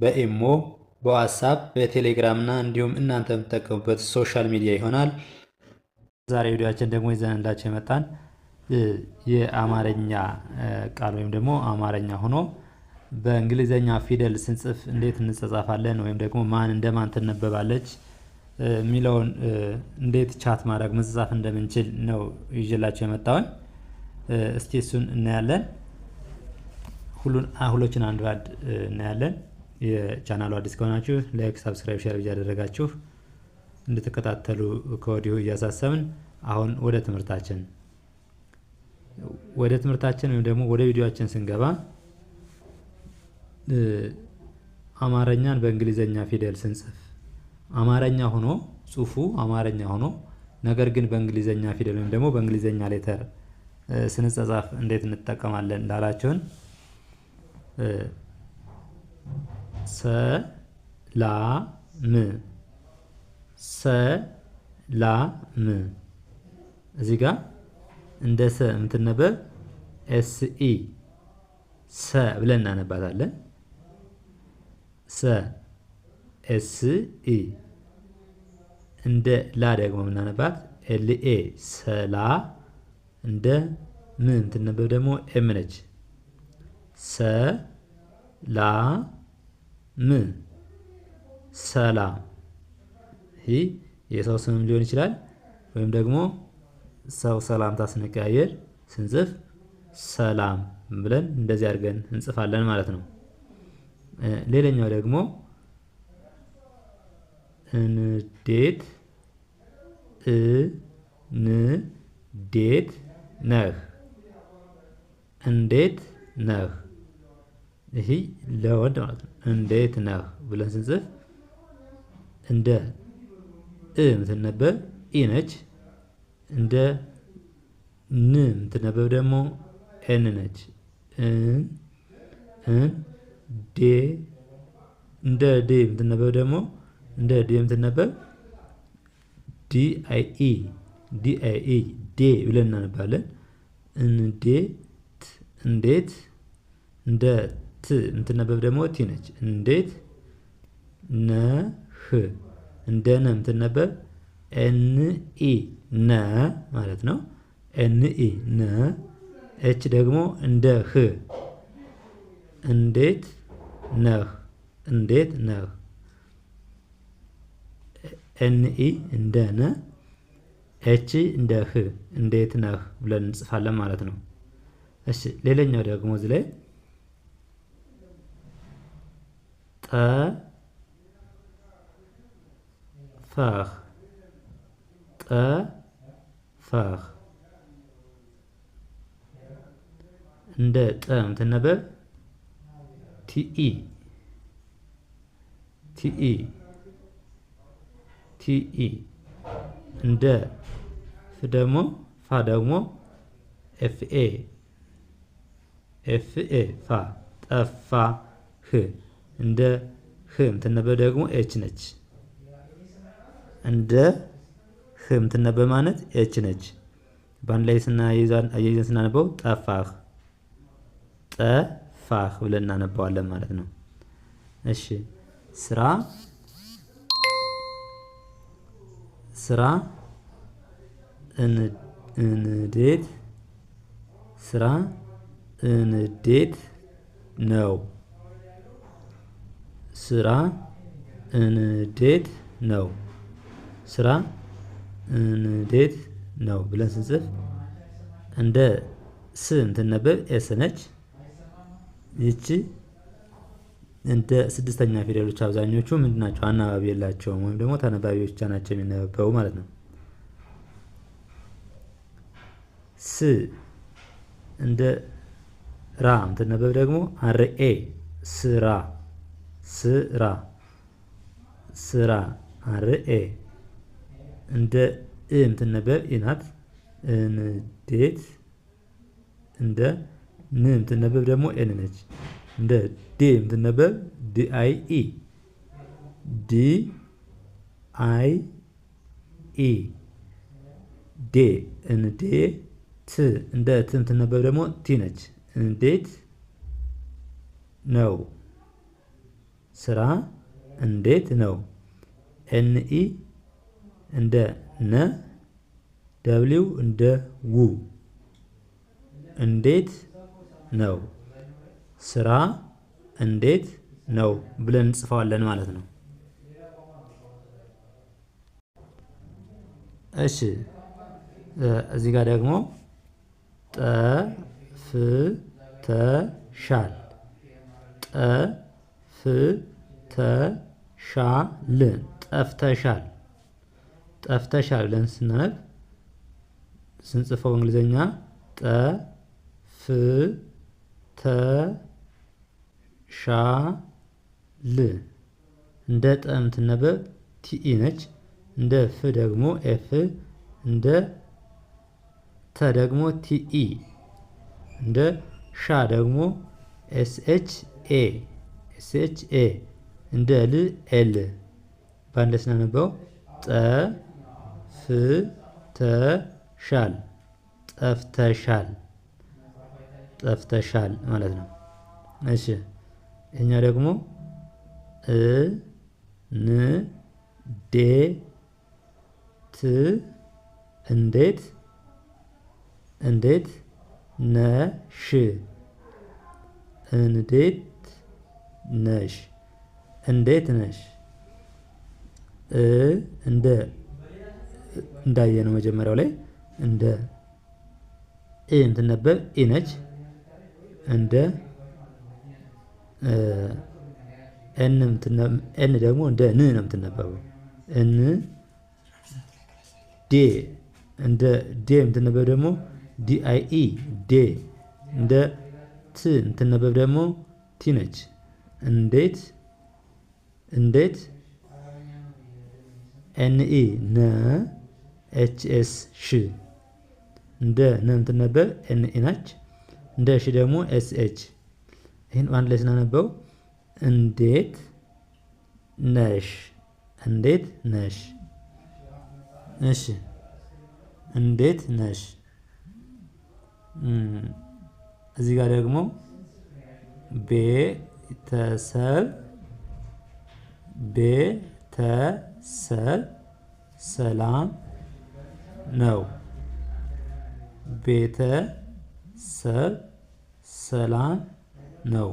በኢሞ በዋትሳፕ በቴሌግራም እና እንዲሁም እናንተ የምትጠቀሙበት ሶሻል ሚዲያ ይሆናል። ዛሬ ቪዲዮችን ደግሞ ይዘንላቸው የመጣን የአማርኛ ቃል ወይም ደግሞ አማርኛ ሆኖ በእንግሊዘኛ ፊደል ስንጽፍ እንዴት እንጸጻፋለን ወይም ደግሞ ማን እንደማን ትነበባለች የሚለውን እንዴት ቻት ማድረግ መጻፍ እንደምንችል ነው ይዤላቸው የመጣውን። እስቲ እሱን እናያለን። ሁሉን አሁሎችን አንድ ባድ እናያለን። የቻናሉ አዲስ ከሆናችሁ ላይክ፣ ሰብስክራይብ፣ ሼር እያደረጋችሁ እንድትከታተሉ ከወዲሁ እያሳሰብን አሁን ወደ ትምህርታችን ወደ ትምህርታችን ወይም ደግሞ ወደ ቪዲዮችን ስንገባ አማረኛን በእንግሊዘኛ ፊደል ስንጽፍ አማረኛ ሆኖ ጽሁፉ አማረኛ ሆኖ ነገር ግን በእንግሊዘኛ ፊደል ወይም ደግሞ በእንግሊዘኛ ሌተር ስንጸጻፍ እንዴት እንጠቀማለን እንዳላችሁን ሰላም ሰላም እዚህ ጋ እንደ ሰ የምትነበብ ኤስኢ ሰ ብለን እናነባታለን። ሰ ኤስኢ እንደ ላ ደግሞ የምናነባት ኤልኤ ሰላ እንደ ም የምትነበብ ደግሞ ኤም ነች። ሰላ ም ሰላም ይህ የሰው ስምም ሊሆን ይችላል። ወይም ደግሞ ሰው ሰላምታ ስንቀያየር ስንጽፍ ሰላም ብለን እንደዚህ አድርገን እንጽፋለን ማለት ነው። ሌላኛው ደግሞ እንዴት እንዴት ነህ እንዴት ነህ ይሄ ለወንድ ማለት ነው። እንዴት ነህ ብለን ስንጽፍ እንደ እ የምትነበብ ኢ ነች። እንደ ን የምትነበብ ደግሞ ኤን ነች። እን እን ዴ እንደ ዴ የምትነበብ ደግሞ እንደ ዴ የምትነበብ ዲ አይ ኢ ዲ አይ ኢ ዴ ብለን እናነባለን። እንዴት እንዴት እንደ ት የምትነበብ ደግሞ ቲ ነች። እንዴት ነህ እንደ ነ የምትነበብ ኢ ነ ማለት ነው። ኢ ነ። ኤች ደግሞ እንደ ህ እንዴት ነህ እንዴት ነህ። ኢ እንደ ነ ኤች እንደ ህ እንዴት ነህ ብለን እንጽፋለን ማለት ነው። እሺ ሌላኛው ደግሞ እዚህ ላይ ጠፈህ ጠፈህ እንደ ጠ የምትነበብ ቲኢ ቲኢ ቲኢ እንደ ፍ ደግሞ ፋ ደግሞ ኤፍኤ ኤፍኤ ፋ ጠፋህ እንደ ህ የምትነበብ ደግሞ ኤች ነች። እንደ ህ የምትነበብ ማለት ኤች ነች። በአንድ ላይ አያይዘን ስናነበው ጠፋህ፣ ጠፋህ ብለን እናነባዋለን ማለት ነው። እሺ ስራ ስራ እንዴት ስራ እንዴት ነው ስራ እንዴት ነው ስራ እንዴት ነው ብለን ስንጽፍ እንደ ስ የምትነበብ ኤስ ነች። ይቺ እንደ ስድስተኛ ፊደሎች አብዛኞቹ ምንድን ናቸው? አናባቢ የላቸውም ወይም ደግሞ ተነባቢዎች ብቻ ናቸው የሚነበበው ማለት ነው። ስ እንደ ራ የምትነበብ ደግሞ አርኤ ስራ ስራ ስራ አርኤ እንደ እ የምትነበብ ኢ ናት። እንዴት እንደ ን የምትነበብ ደግሞ ኤን ነች። እንደ ዴ የምትነበብ ዲ አይ ኢ ዲ አይ ኢ ዴ እንዴ ት እንደ ት የምትነበብ ደግሞ ቲ ነች። እንዴት ነው ስራ እንዴት ነው? ኤንኢ እንደ ነ ደብሊው እንደ ው እንዴት ነው ስራ እንዴት ነው ብለን እንጽፈዋለን ማለት ነው። እሺ እዚህ ጋር ደግሞ ጠፍተሻል ጠ ፍተሻል ጠፍተሻል ጠፍተሻል ብለን ስናነብ ስንጽፈው እንግሊዘኛ ጠፍተሻል እንደ ጠ የምትነበብ ቲኢ ነች። እንደ ፍ ደግሞ ኤፍ እንደ ተ ደግሞ ቲኢ እንደ ሻ ደግሞ ኤስኤች ኤ ኤክስኤች ኤ እንደ ል ኤል በአንድ ላይ ስናነበው ጠፍተሻል ጠፍተሻል ጠፍተሻል ማለት ነው። እሺ እኛ ደግሞ እ ን ዴ ት እንዴት እንዴት ነሽ እንዴት ነሽ እንዴት ነሽ እንደ እንዳየነው መጀመሪያው ላይ እንደ ኢ የምትነበብ ኢ ነች። እንደ ኤን ኤን ደግሞ እንደ ን ነው የምትነበበው። እን ዴ እንደ ዴ የምትነበብ ደግሞ ዲ አይ ኢ ዴ። እንደ ት የምትነበብ ደግሞ ቲ ነች። እንዴት እንዴት ኤንኢ ነ ኤችኤስ ሽ እንደ ነ የምትነበብ ኤንኢ ናች። እንደ ሽ ደግሞ ኤስኤች። ይህን አንድ ላይ ስናነበው እንዴት ነሽ፣ እንዴት ነሽ። እሺ እንዴት ነሽ። እዚህ ጋር ደግሞ ቤ ቤተሰብ ቤተሰብ ሰላም ነው። ቤተሰብ ሰላም ነው።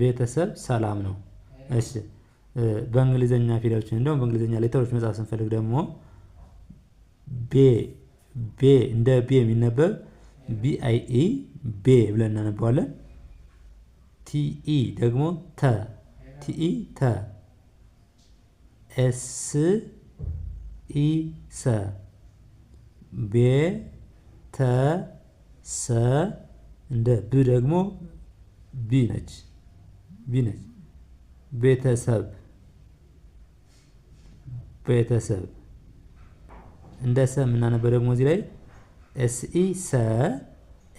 ቤተሰብ ሰላም ነው። እሺ በእንግሊዘኛ ፊደሎችን እንደውም በእንግሊዘኛ ሌተሮች መጻፍ ስንፈልግ ደግሞ ቤ ቤ እንደ ቤ የሚነበብ ቢ አይ ኢ ቤ ብለን እናነበዋለን። ቲኢ e ደግሞ ተ ቲኢ e ተ ኤስ ኢ ሰ ቤ ተ ሰ እንደ ብ ደግሞ ቢ ነች ቢ ነች። ቤተሰብ ቤተሰብ እንደ ሰ የምናነበው ደግሞ እዚህ ላይ ኤስኢ ሰ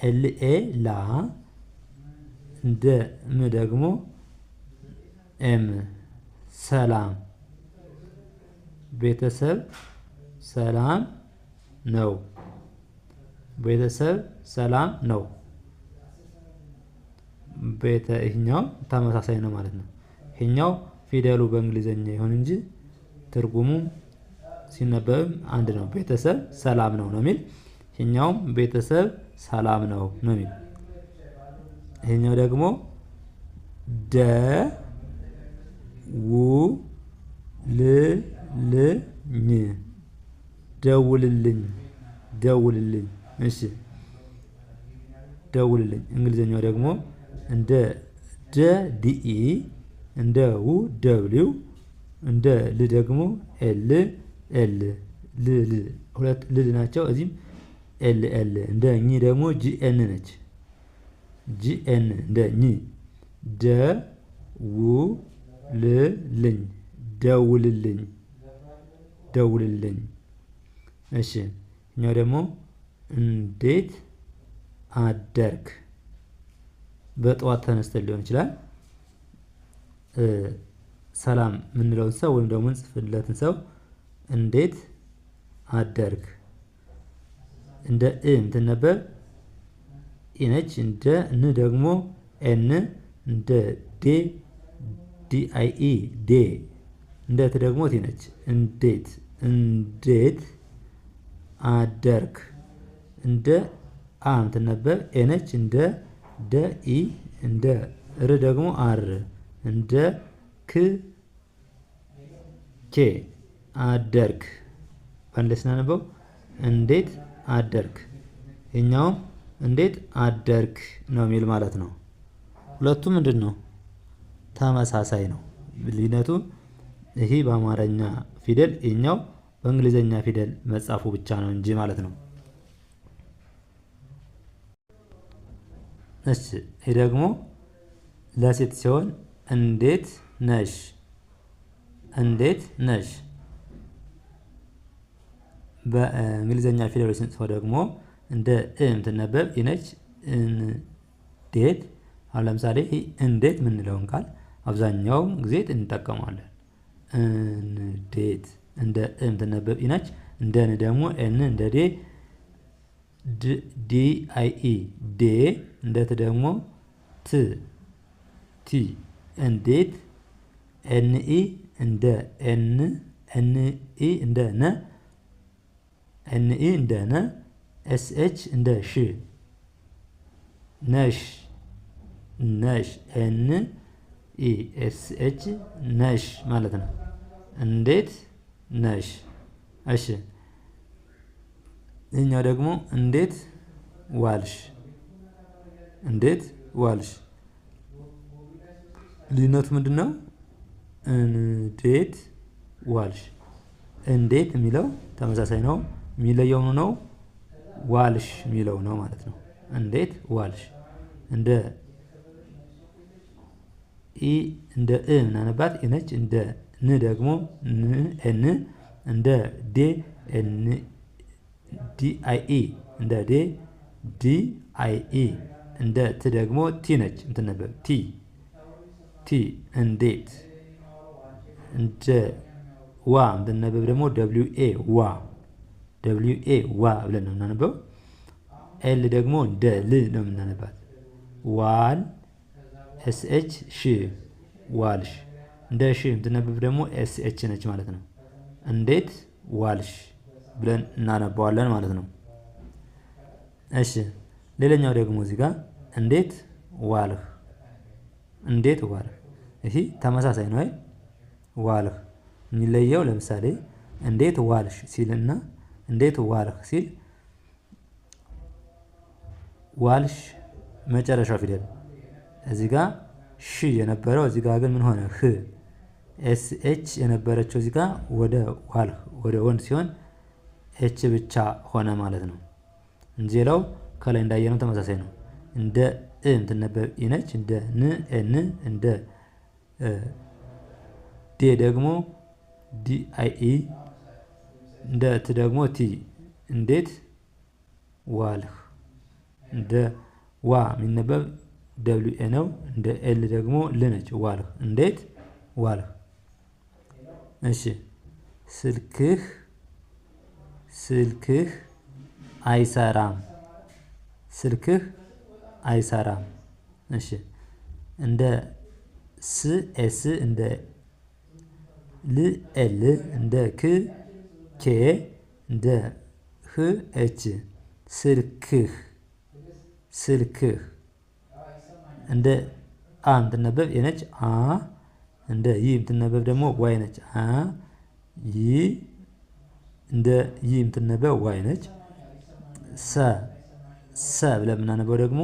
ኤልኤ ላ እንደ ም ደግሞ ኤም ሰላም ቤተሰብ ሰላም ነው። ቤተሰብ ሰላም ነው። ቤተ ይህኛው ተመሳሳይ ነው ማለት ነው። ይህኛው ፊደሉ በእንግሊዘኛ ይሁን እንጂ ትርጉሙም ሲነበብም አንድ ነው። ቤተሰብ ሰላም ነው ነው የሚል ይህኛውም ቤተሰብ ሰላም ነው ነው የሚል ይሄኛው ደግሞ ደ ው ል ል ኝ ደውልልኝ ደውልልኝ። እሺ ደውልልኝ። እንግሊዝኛው ደግሞ እንደ ደ ዲኢ እንደ ው ደብሊው እንደ ል ደግሞ ኤል ኤል ል ል ሁለት ልል ናቸው። እዚህም ኤል ኤል እንደ ኝ ደግሞ ጂኤን ነች። ጂኤን እንደ ኝ ደውልልኝ ደውልልኝ ደውልልኝ። እሺ እኛው ደግሞ እንዴት አደርክ። በጠዋት ተነስተን ሊሆን ይችላል ሰላም የምንለውን ሰው ወይም ደግሞ እንጽፍለትን ሰው እንዴት አደርክ እንደ እ የምትነበብ ነች። እንደ ን ደግሞ ኤን እንደ ዴ ዲአይኢ ዴ እንደ ት ደግሞ ቲ ነች። እንዴት እንዴት አደርክ እንደ አ የምትነበብ ኤነች እንደ ደ ኢ እንደ ር ደግሞ አር እንደ ክ ኬ አደርክ በአንድ ስናነበው እንዴት አደርክ የኛውም እንዴት አደርክ ነው የሚል ማለት ነው። ሁለቱ ምንድን ነው? ተመሳሳይ ነው። ልዩነቱ ይህ በአማርኛ ፊደል ይኛው በእንግሊዘኛ ፊደል መጻፉ ብቻ ነው እንጂ ማለት ነው። እሺ ይህ ደግሞ ለሴት ሲሆን እንዴት ነሽ፣ እንዴት ነሽ። በእንግሊዘኛ ፊደሎች ስንጽፈው ደግሞ እንደ እ የምትነበብ ይነች እንዴት። አሁን ለምሳሌ እንዴት የምንለውን ቃል አብዛኛውም ጊዜ እንጠቀማለን። እንዴት እንደ እ የምትነበብ ኢነች እንደ ን ደግሞ ኤን እንደ ዴ ዲ አይ ኢ ዴ እንደ ት ደግሞ ት ቲ እንዴት ኤን ኢ እንደ ኤን ኤን ኢ እንደ ነ ኤን ኢ እንደ ነ ኤስኤች እንደ ሽ ነሽ ነሽ ኤን ኢ ኤስኤች ነሽ ማለት ነው። እንዴት ነሽ። እሺ ይህኛው ደግሞ እንዴት ዋልሽ። እንዴት ዋልሽ። ልዩነቱ ምንድን ነው? እንዴት ዋልሽ። እንዴት የሚለው ተመሳሳይ ነው። የሚለየው ነው ዋልሽ የሚለው ነው ማለት ነው። እንዴት ዋልሽ? እንደ ኢ እንደ እ ምናነባት ነች። እንደ ን ደግሞ ኤን እንደ ዴ ኤን ዲ አይ ኢ እንደ ዴ ዲ አይ ኢ እንደ ት ደግሞ ቲ ነች የምትነበብ ቲ ቲ እንዴት እንደ ዋ የምትነበብ ደግሞ ደብሊው ኤ ዋ ደብሊው ኤ ዋ ብለን ነው የምናነበው። ኤል ደግሞ ደል ል ነው የምናነባት። ዋል ኤስ ኤች ሺ ዋልሽ። እንደ ሽ የምትነበብ ደግሞ ኤስ ኤች ነች ማለት ነው። እንዴት ዋልሽ ብለን እናነባዋለን ማለት ነው። እሺ ሌላኛው ደግሞ እዚህ ጋር እንዴት ዋልህ፣ እንዴት ዋልህ። እሺ ተመሳሳይ ነው። ዋልህ የሚለየው ለምሳሌ እንዴት ዋልሽ ሲልና እንዴት ዋልህ ሲል ዋልሽ መጨረሻው ፊደል እዚህ ጋ ሽ የነበረው እዚ ጋ ግን ምን ሆነ? ህ ኤስ ኤች የነበረችው እዚ ጋ ወደ ዋልህ ወደ ወንድ ሲሆን ኤች ብቻ ሆነ ማለት ነው። እንጂ ሌላው ከላይ እንዳየነው ተመሳሳይ ነው። እንደ እ የምትነበብ ኢነች እንደ ን ኤን እንደ ዴ ደግሞ ዲ አይ ኢ እንደ ት ደግሞ ቲ እንዴት ዋልህ። እንደ ዋ የሚነበብ ደብሊው ኤ ነው። እንደ ኤል ደግሞ ል ነች። ዋልህ እንዴት ዋልህ። እሺ ስልክህ ስልክህ አይሰራም ስልክህ አይሰራም። እሺ እንደ ስ ኤስ እንደ ል ኤል እንደ ክ ኬ ደ ህ ኤች ስልክህ ስልክህ እንደ አ የምትነበብ የነች አ እንደ ይ የምትነበብ ደግሞ ዋይ ነች። አ ይ እንደ ይ የምትነበብ ዋይ ነች። ሰ ሰ ብለን የምናነበው ደግሞ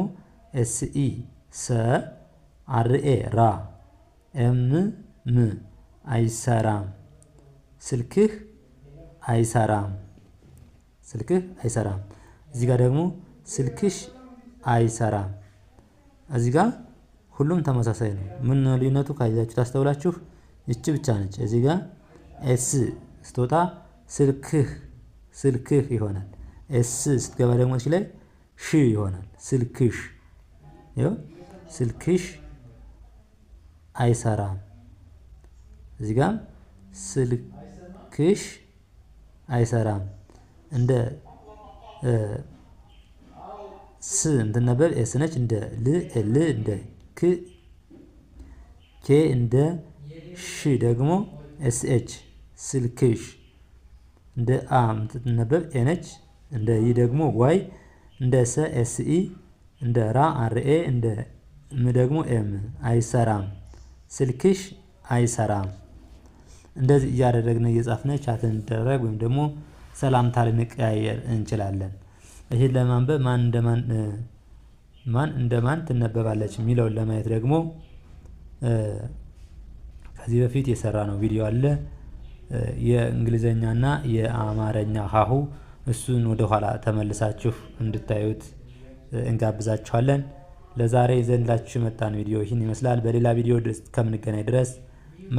ኤስ ኢ ሰ አር ኤ ራ ኤም ም አይሰራም ስልክህ አይሰራም። ስልክህ አይሰራም። እዚህ ጋር ደግሞ ስልክሽ አይሰራም። እዚህ ጋር ሁሉም ተመሳሳይ ነው። ምን ልዩነቱ ካያችሁ ታስተውላችሁ፣ ይቺ ብቻ ነች። እዚህ ጋር ኤስ ስትወጣ ስልክህ ስልክህ ይሆናል። ኤስ ስትገባ ደግሞ እዚህ ላይ ሺ ይሆናል። ስልክሽ ይኸው ስልክሽ አይሰራም። እዚህ ጋር ስልክሽ አይሰራም። እንደ ስ የምትነበብ ኤስ ነች። እንደ ል ኤል እንደ ክ ኬ እንደ ሽ ደግሞ ኤስ ኤች ስልክሽ። እንደ አ የምትነበብ ኤ ነች። እንደ ይ ደግሞ ዋይ እንደ ሰ ኤስ ኢ እንደ ራ አር ኤ እንደ ም ደግሞ ኤም አይሰራም። ስልክሽ አይሰራም። እንደዚህ እያደረግን እየጻፍነ ቻት እንደረግ ወይም ደግሞ ሰላምታ ልንቀያየር እንችላለን። ይህን ለማንበብ ማን እንደማን ማን እንደማን ትነበባለች የሚለውን ለማየት ደግሞ ከዚህ በፊት የሰራ ነው ቪዲዮ አለ። የእንግሊዘኛና የአማረኛ ሀሁ እሱን ወደኋላ ተመልሳችሁ እንድታዩት እንጋብዛችኋለን። ለዛሬ ዘንላችሁ መጣን ቪዲዮ ይህን ይመስላል። በሌላ ቪዲዮ እስከምንገናኝ ድረስ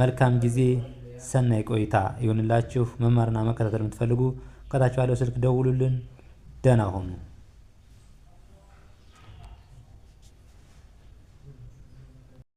መልካም ጊዜ ሰናይ ቆይታ ይሁንላችሁ። መማርና መከታተል የምትፈልጉ ከታች ስልክ ደውሉልን። ደህና ሆኑ።